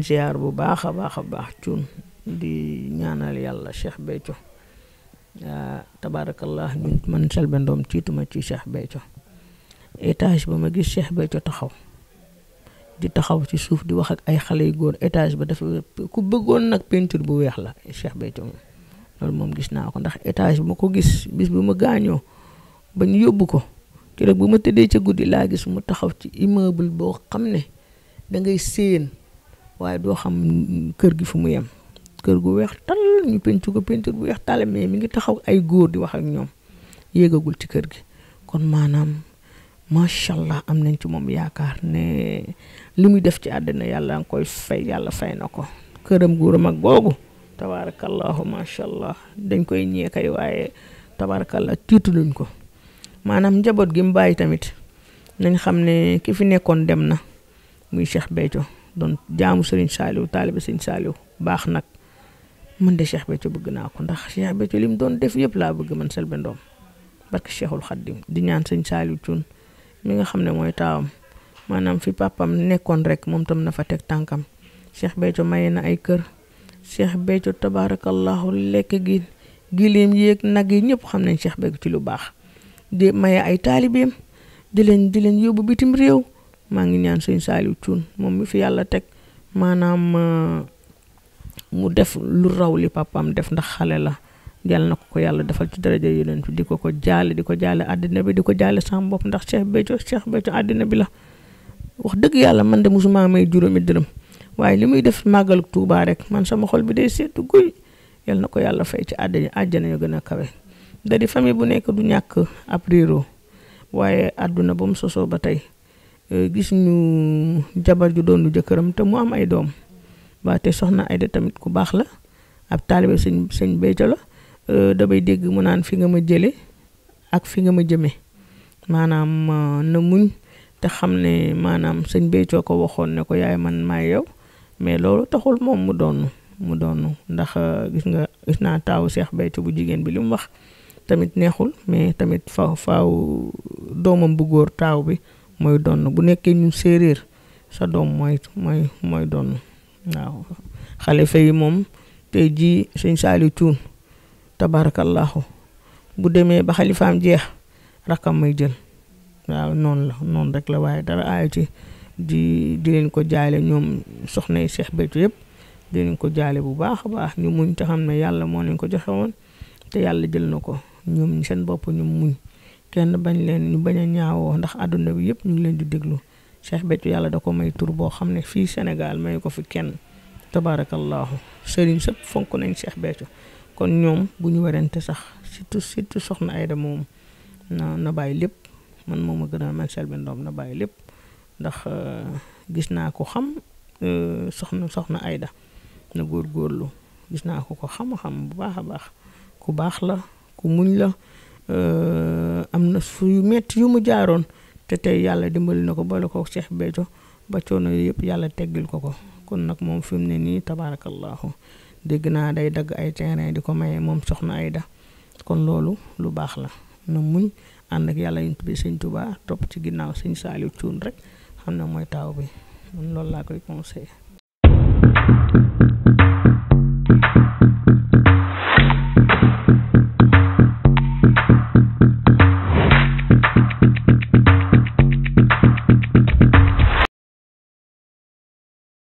leen ziar bu baax a baax a baax cuun di ñaanal yàlla Cheikh Béthio ah, tabaarakallah ñun man Selbé Ndom tiituma ci Cheikh Béthio étage ba ma gis Cheikh Béthio taxaw di taxaw ci suuf di wax ak ay xale yu góor étage ba dafa ku bëggoon nag peinture bu weex la Cheikh Béthio moom loolu moom gis naa ko ndax étage bu ma ko gis bis bu ma gaañoo ba yóbbu ko keroog bu ma tëddee ca guddi laa gis mu taxaw ci immeuble boo xam ne da séen waaye doo xam kër gi fu mu yem kër gu weex tal ñu penc ko pentir bu weex tal mais mi ngi taxaw ay góor di wax ak ñoom yéegagul ci kër gi kon maanaam macha allah am nañ ci moom yaakaar ne li muy def ci àddina yàlla nga koy fay yàlla fay na ko këram góoram ak googu tabarakallahu macha allah dañ koy ñeekay waaye tabarakallah tiituluñ ko maanaam njaboot gi mu bàyyi tamit nañ xam ne ki fi nekkoon dem na muy Cheikh Béthio doon jaamu Serigne Saliou taalibe Serigne Saliou baax nag mën de Cheikh Béthio bëgg naa ko ndax Cheikh Béthio li mu doon def yëpp laa bëgg man Selbé Ndom barke Cheikhul Khadim di ñaan Serigne Saliou Thioune mi nga xam ne mooy taawam maanaam fi papam nekkoon rek moom tam na fa teg tànkam Cheikh Béthio maye na ay kër Cheikh Béthio tabaarakallahu lekk gi giléem yéeg nag yi ñëpp xam nañ Cheikh Béthio ci lu baax di maye ay taalibeem di leen di leen yóbbu bitim réew maa ngi ñaan sëñ Saliou Thioune moom mu fi yàlla teg maanaam uh, mu def lu raw li papaam def ndax xale la yàlla na ko ko yàlla defal ci daraja yeneen di ko ko jaale di ko jàll àddina bi di ko jaale sama bopp ndax Cheikh Béthio Cheikh Béthio àddina bi la wax dëgg yàlla man de musuma may juróomi dërëm waaye li muy def màggalu Tuubaa rek man sama xol bi day seetu guy yàlla na ko yàlla fay ci àddina àjjana yu gën a kawe da di famille bu nekk du ñàkk ab waaye àdduna ba mu sosoo ba tey Euh, gis ñu jabar ju doon lu jëkkëram te mu am ay doom waa te soxna Aida tamit ku baax la ab taalibe sëñ sëñ Béthio la euh, damay dégg mu naan fi nga ma jële ak fi nga ma jëme maanaam na muñ te xam ne maanaam sëñ Béthio ko waxoon ne ko yaay man may yow mais loolu taxul moom mu doon mu doon ndax euh, gis nga gis naa taawu Cheikh Béthio bu jigéen bi li wax tamit neexul mais tamit faaw faaw doomam bu góor taaw bi mooy donn bu nekkee ñu séeréer sa doom mooy mooy mooy donn waaw xale yi moom tey jii sëñ Saaliw Cuun tabaarakallaahu bu demee ba xalifaam jeex rakkam may jël waaw noonu la noon rek la waaye dara aay ci di di leen ko jaale ñoom soxna yi Seex Béthio yëpp di leen ko jaale bu baax baax ñu muñ te xam na yàlla moo leen ko joxe woon te yàlla jël na ko ñoom seen bopp ñu muñ kenn bañ leen ñu bañ a ñaawoo ndax àdduna bi yëpp ñu ngi leen di déglu Cheikh Béthio yàlla da ko may tur boo xam ne fii Sénégal may ko fi kenn tabaarakallaahu sëriñ sëpp fonk nañ Cheikh Béthio kon ñoom bu ñu werante sax surtout surtout soxna Aida moom na na bàyyi lépp man moom a gën a man Selbé na bàyyi lépp ndax euh, gis naa ko xam euh, soxna soxna Aida góor góorgóorlu gis naa ko ko xam-xam bu baax a baax ku baax la ku muñ la Euh, am na fu yu metti yu mu jaaroon te tey yàlla dimbali na ko boole ko Cheikh Béthio ba coono yëpp yàlla teggil ko ko kon nag moom fi mu ne nii tabaarakallaahu dégg naa day dagg ay terrain di ko maye moom soxna Aida kon loolu lu baax la na muñ ànd ak yàlla yuñ tuddee sëñ Tuubaa topp ci ginnaaw sëñ Saaliw Cuun rek xam ne mooy taaw bi man loolu laa koy conseillé